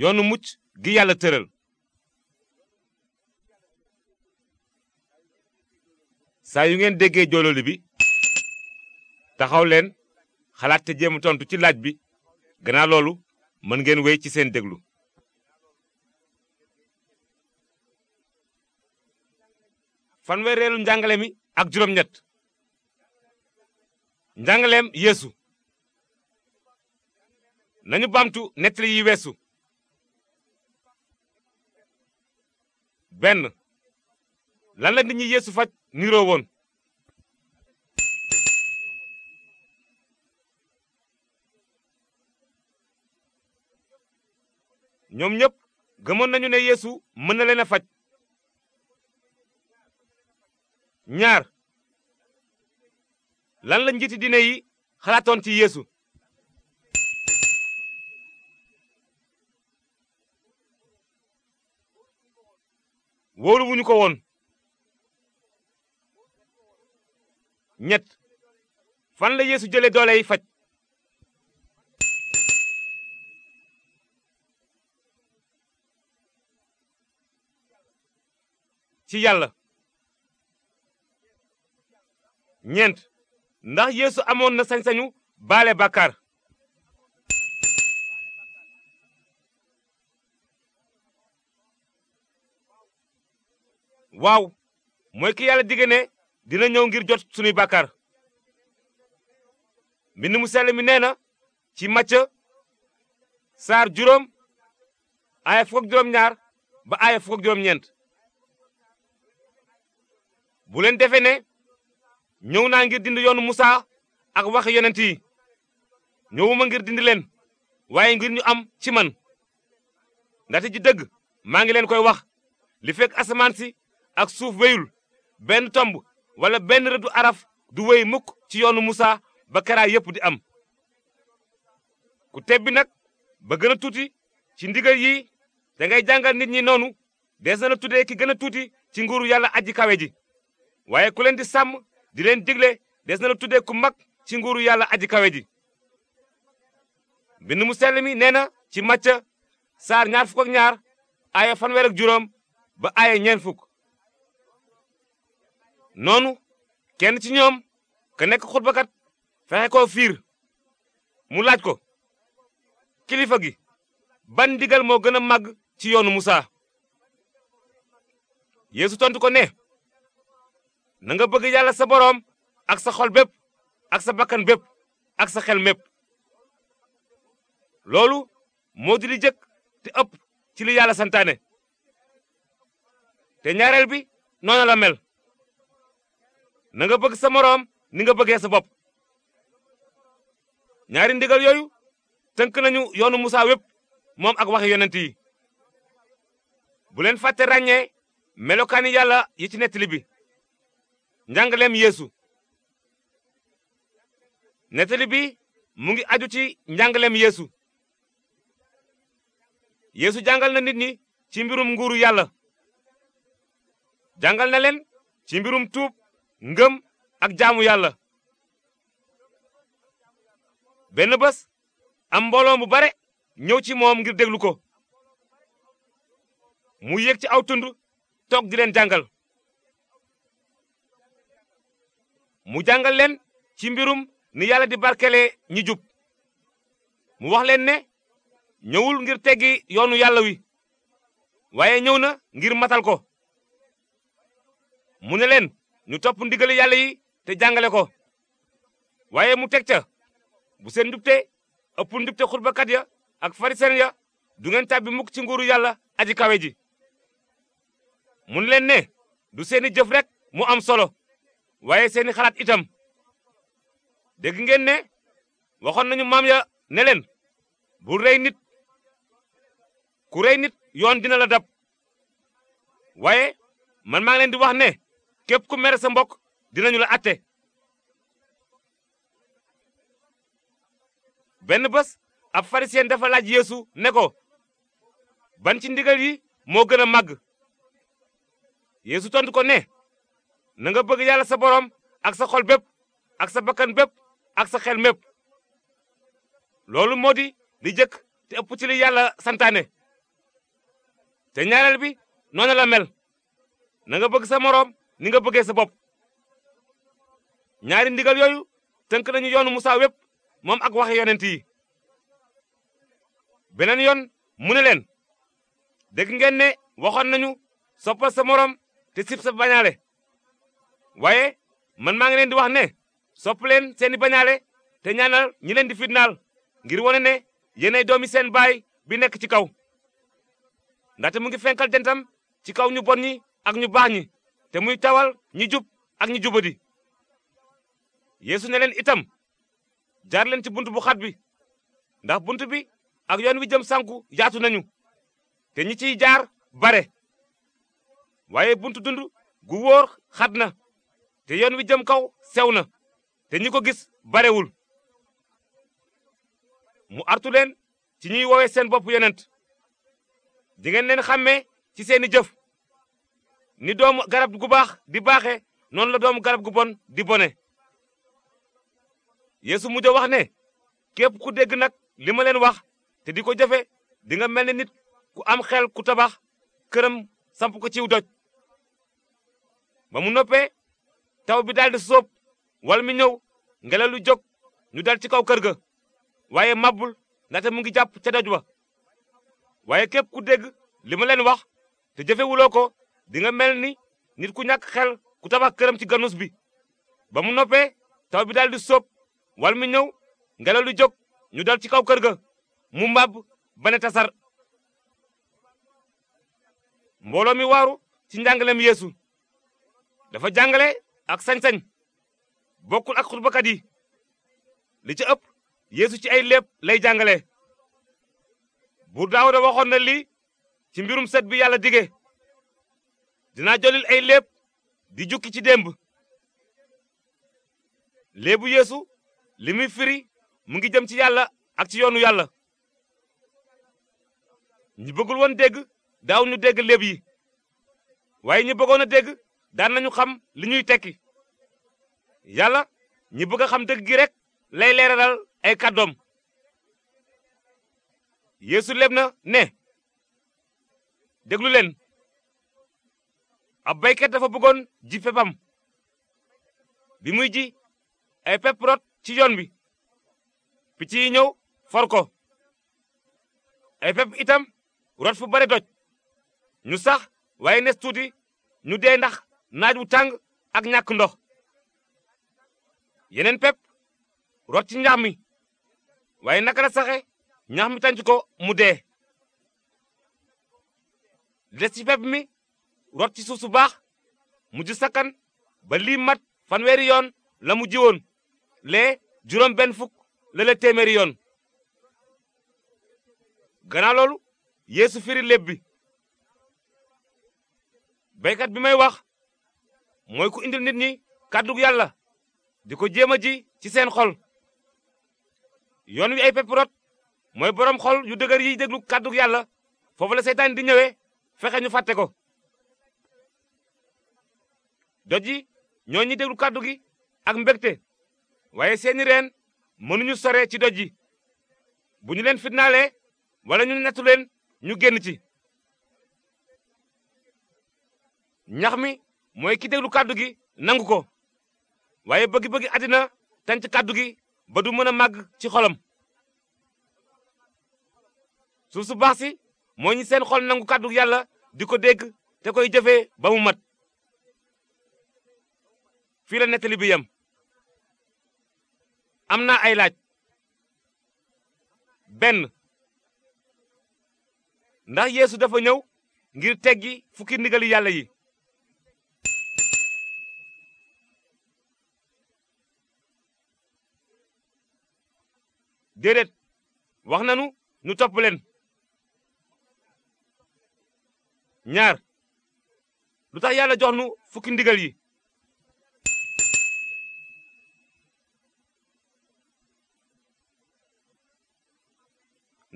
yoonu mucc gi yàlla tëral saa yu ngeen déggee joololi bi taxaw leen xalaat te jéem tontu ci laaj bi gannaaw loolu mën ngeen wéy ci seen déglu fanweereelu njàngale mi ak juróom-ñett njàngaleem yeesu nañu bamtu nettali yi weesu benn lan la nit ñi yeesu faj niroo ñoom ñëpp gëmoon nañu ne yéesu mën na leen a faj ñaar lan la njiiti diine yi xalaatoon ci yeesu wóoluwuñu ko woon ñett fan la yeesu jële doole yi faj ci yàlla ñeent ndax yeesu amoon na sañ-sañu baale bakkar waaw mooy ki yàlla dige ne dina ñëw ngir jot sunuy bàkkaar mbind mu sell mi nee na ci Macë saar juróom aaya fukk juróom ñaar ba aaya fukk juróom ñeent bu leen defe ne ñëw naa ngir dind yoonu Musaa ak wax yonent yi ñëwuma ngir dindi leen waaye ngir ñu am ci man ndaxte ci dëgg maa ngi leen koy wax li fekk asamaan ak suuf wéyul benn tomb wala benn rëddu araf du wéy mukk ci yoonu musa ba keraa yépp di am ku tebbi nag ba gën a tuuti ci ndigal yi da ngay nit ñi noonu dees na la tuddee ki gën a tuuti ci nguuru yàlla aji kawe ji waaye ku leen di sàmm di leen digle des na la tuddee ku mag ci nguuru yàlla aji kawe ji mbind mu sell mi nee na ci Macca saar ñaar fukk ñaar aaya fanweer ak juróom ba aaya ñeent fukk noonu kenn ci ñoom ka nekk xutbakat fexe ko fiir mu laaj ko kilifa gi ban ndigal moo gën a màgg ci yoonu Musaa Yeesu tontu ko ne nanga nga bëgg yàlla sa boroom ak sa xol bépp ak sa bakkan bépp ak sa xel mépp loolu moo di li jëkk te ëpp ci li yàlla santaane te ñaareel bi noona la mel nanga bëgg sa moroom ni nga bëggee sa bopp ñaari ndigal yooyu tënk nañu yoonu Musaa wépp moom ak waxi yonent yi bu leen fàtte ràññee melokaani yàlla yi ci nettali bi njàngaleem yeesu nettali bi mu ngi aju ci njàngaleem yéesu yéesu jàngal na nit ñi ci mbirum nguuru yàlla na leen ci tuub ngëm ak jaamu yàlla benn bés am mbooloom bu bare ñëw ci moom ngir déglu ko mu yéeg ci aw tund toog di leen jàngal mu jàngal leen ci mbirum ni yàlla di barkelee ñi jub mu wax leen ne ñëwul ngir teggi yoonu yàlla wi waaye ñëw na ngir matal ko mu ne leen ñu topp ndigali yàlla te jàngale ko waaye mu teg ca bu seen ndubte ëpp ndubte xutbakat ya ak farisen ya du ngeen tàbbi mukk ci nguuru yàlla aji kawe ji mun leen ne du seeni jëf rek mu am solo waaye seeni xalaat itam dégg ngeen ne waxoon nañu maam ya ne leen bul nit ku rey nit yoon dina la dab waaye man maa ngi leen di wax ne képp ku mere sa mbokk dinañu la atte benn bés ab pharisien dafa laaj yéesu ne ko ban ci ndigal yi moo gën a màgg yeesu tontu ko ne nanga bëgg yàlla sa boroom ak sa xol bépp ak sa bakkan bépp ak sa xel mépp loolu moo di li jëkk te ëpp ci yàlla santaane te ñaareel bi noonu la mel na bëgg sa moroom ni nga bëggee sa bopp ñaari ndigal yooyu tënk nañu yoonu Musaa wépp moom ak waxe yonent yi beneen yoon mu ne leen dégg ngeen ne waxoon nañu soppal sa morom te sib bañaale waaye man maa ngi leen di wax ne sopp leen seeni bañaale te ñaanal ñi leen di fitnaal ngir wone ne yéenay doomi seen baay bi nekk ci kaw ndaxte mu ngi fenkal dentam ci kaw ñu bon ñi ak ñu baax ñi te muy tawal ñi jub ak ñi jubadi yéesu ne leen itam jaar leen ci bunt bu xat bi ndax bunt bi ak yoon wi jëm sànku yaatu nañu te ñi ciy jaar bare waaye bunt dund gu wóor xat na te yoon wi jëm kaw sew na te ñi ko gis barewul mu artu leen ci ñuy woowee seen bopp yonent di ngeen leen xàmmee ci seeni jëf ni doomu garab gu baax di baaxe noonu la doomu garab gu bon di bone yeesu mujj wax ne képp ku dégg nag li ma leen wax te di ko jafe dinga mel ne nit ku am xel ku tabax këram samp ko ciw doj ba mu noppee taw bi daldi soob wal mi ñëw ngelaw lu jóg ñu dal ci kaw kër ga waaye màbbul ndaxte mu ngi jàpp ca doj wa waaye képp ku dégg li ma leen wax te jëfewuloo ko di mel ni nit ku ñàkk xel ku tabax këram ci ganus bi ba mu noppee taw bi daal di sóob wal mu ñëw ngelaw li jóg ñu dal ci kaw kër ga mu mbàbb ba ne tasar mbooloo mi waaru ci njàngaleem yéesu dafa jàngale ak sañ-sañ bokkul ak xutbakat yi li ca ëpp yéesu ci ay léeb lay jàngale buur daawuda waxoon na lii ci mbirum set bi yàlla dige dinaa jolil ay léeb di jukki ci démb léebu yeesu li muy firi mu ngi jëm ci yàlla ak ci yoonu yàlla ñi bëggul woon dégg daaw ñu dégg léeb yi waaye ñi bëggoon a dégg daan nañu xam li ñuy tekki yàlla ñi bëgg a xam dëgg gi rek lay leeralal ay kàddoom yeesu léeb na ne déglu leen ab baykat dafa bëggoon ji pepam bi muy ji ay pep rot ci yoon bi picc yi ñëw for ko ay pepp itam rot fu bare doj ñu sax waaye nes tuuti ñu dee ndax naaj wu tàng ak ñàkk ndox yeneen pepp rot ci ñax mi waaye naka la saxe ñax mi tànc ko mu dee des ci pepp mi rot ci suuf su baax mujj sakkan ba lii mat fanweeri yoon la mu jiwoon lee juróom benn fuk la la téeméeri yoon gannaaw loolu yeesu firi léeb bi baykat bi may wax mooy ku indil nit ñi kàddug yàlla di ko jéem a ji ci seen xol yoon wi ay pepp rot mooy boroom xol yu dëgër yiy déglu kàddug yàlla foofu la seytaan di ñëwe fexe ñu fàtte ko doj yi ñoo ñi déglu kàddu gi ak mbégte waaye seeni reen mënuñu sore ci doj yi bu ñu leen fitnaalee walla ñu nettu leen ñu génn ci ñax mi mooy ki déglu kàddu gi nangu ko waaye bëgg-bëgg àddina tànc kàddu gi ba du mën a màgg ci xolam suuf su baax si moo ñi seen xol nangu kàddu yàlla di ko dégg te koy jëfe ba mu mat fii la nettali bi yem am naa ay laaj benn ndax yeesu dafa ñëw ngir teggi fukki ndigali yàlla yi déedéet wax nanu nu topp leen ñaar lu tax yàlla jox nu fukki ndigal yi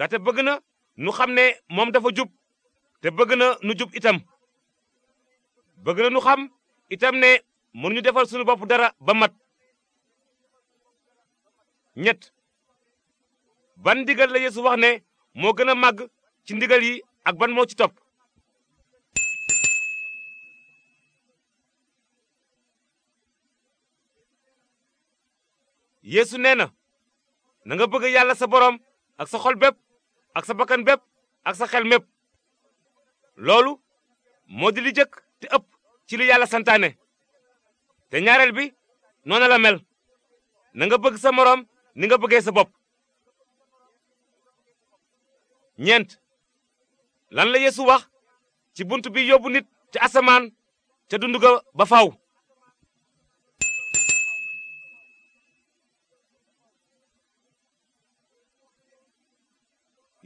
ndaxte bëgg na nu xam ne moom dafa jub te bëgg na nu jub itam bëgg na nu xam itam ne ñu defal suñu bopp dara ba mat ñett ban ndigal la Yeesu wax ne moo gën a màgg ci ndigal yi ak ban moo ci topp Yeesu nee na na bëgg yàlla sa boroom ak sa xol ak sa bakkan bépp ak sa xel loolu moo di li jëkk te ëpp ci li yàlla santaane te ñaareel bi noona la mel na bëgg sa moroom ni nga bëggee sa bopp ñeent lan la yeesu wax ci bunt bi yóbbu nit ca asamaan ca dund ga ba faw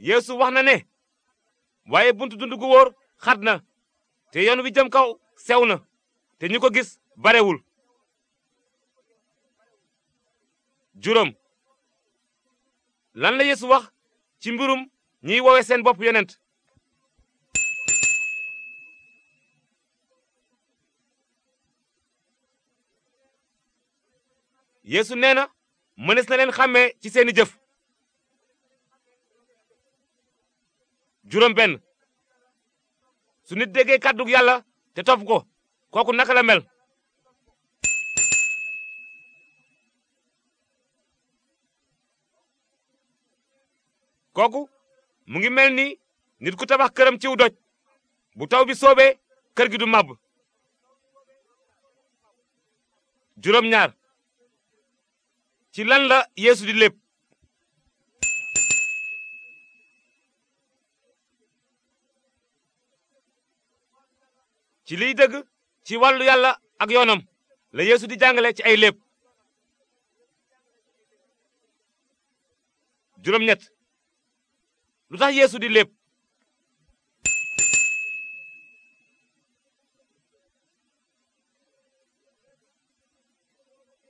yéesu wax na ne waaye bunt dund gu wóor xat na te yoon wi jëm kaw sew na te ñu ko gis barewul juróom lan la yeesu wax ci mbirum ñiy woowe seen bopp yonent yeesu nee na mënees na leen xàmmee ci seeni jëf juróom benn su nit déggee kàddug yàlla te topp ko kooku naka la mel kooku mu ngi mel ni nit ku tabax këram ciw doj bu taw bi soobee kër gi du màbb juróom ñaar ci lan la yéesu di lépp ci liy dëgg ci wàllu yàlla ak yoonam la yeesu di jàngale ci ay leb juróom-ñett lu tax yeesu di léeb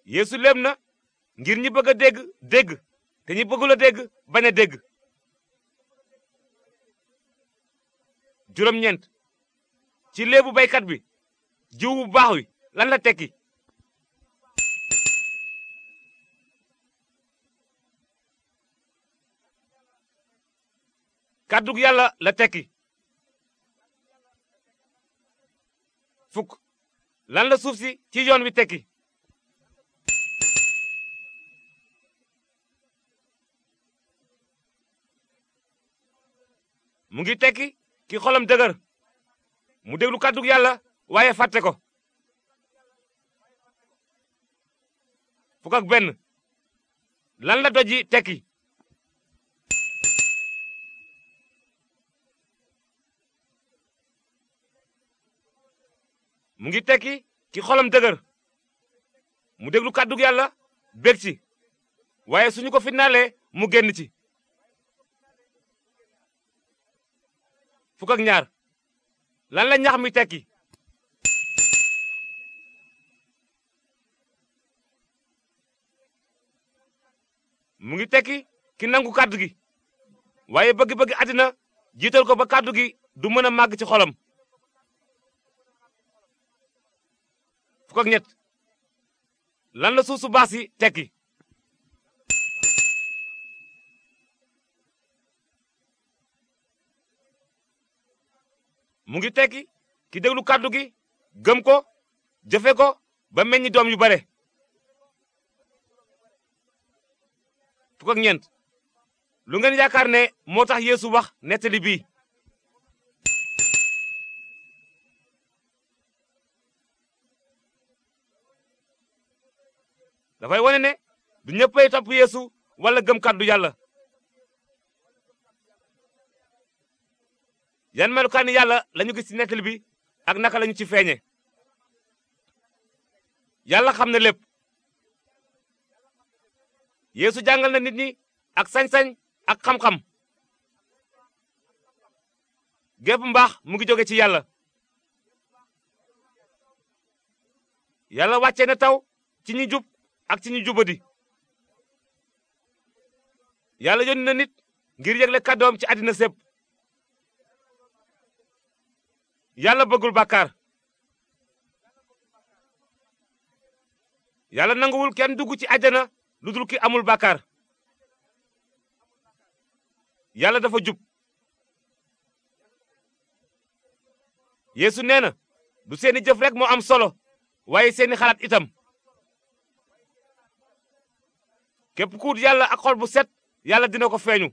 yeesu léeb na ngir ñi bëgg a dégg dégg te ñi bëggul a dégg bañ a dégg juróom ci léebu baykat bi jiw bu baax wi lan la tekki kàddug yàlla la tekki fuk lan la suuf si ci yoon wi tekki mu ngi tekki ki xolam dëgër mu déglu kaddu yàlla waaye fàtte ko fukk ak benn lan la doji tekki mu ngi tekki ki xolam dëgër mu déglu kàddug yàlla bég ci waaye suñu ko fitnaalee mu génn ci fukk ak ñaar lan la ñax mi tekki mu ngi tekki ki nangu kàddu gi waaye bëgg-bëgg àddina jiital ko ba kàddu gi du mën a màgg ci xolam fukk ak lan la suuf su baas yi tekki mu ngi tekki ki déglu kàddu gi gëm ko jëfe ko ba meññi doom yu bare fukk ak ñeent lu ngeen yaakaar ne moo tax yéesu wax nettali bii dafay wone ne du ñëppay topp yeesu wala gëm kàddu yàlla yan melukaani yàlla lañu gis ci nettali bi ak naka lañu ci feeñe yàlla xam na lépp yéesu jàngal na nit ñi ak sañ ak xam-xam gépp mbaax mu ngi jóge ci yàlla yàlla wàcce na taw ci ñi jub ak ci ñi jubadi yàlla yónni na nit ngir yëgle kàddoom ci àddina sépp yàlla bëggul bàkkaar yàlla nanguwul kenn dugg ci àjjana lu dul ki amul bàkkaar yàlla dafa jub yéesu nee na du seeni jëf rekk moo am solo waaye seeni xalaat itam képp ku wut yàlla ak xol bu set yàlla dina ko feeñu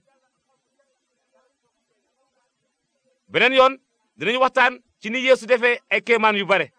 beneen yoon dinañu waxtaan ci ni yeesu defee ay kéemaan yu bare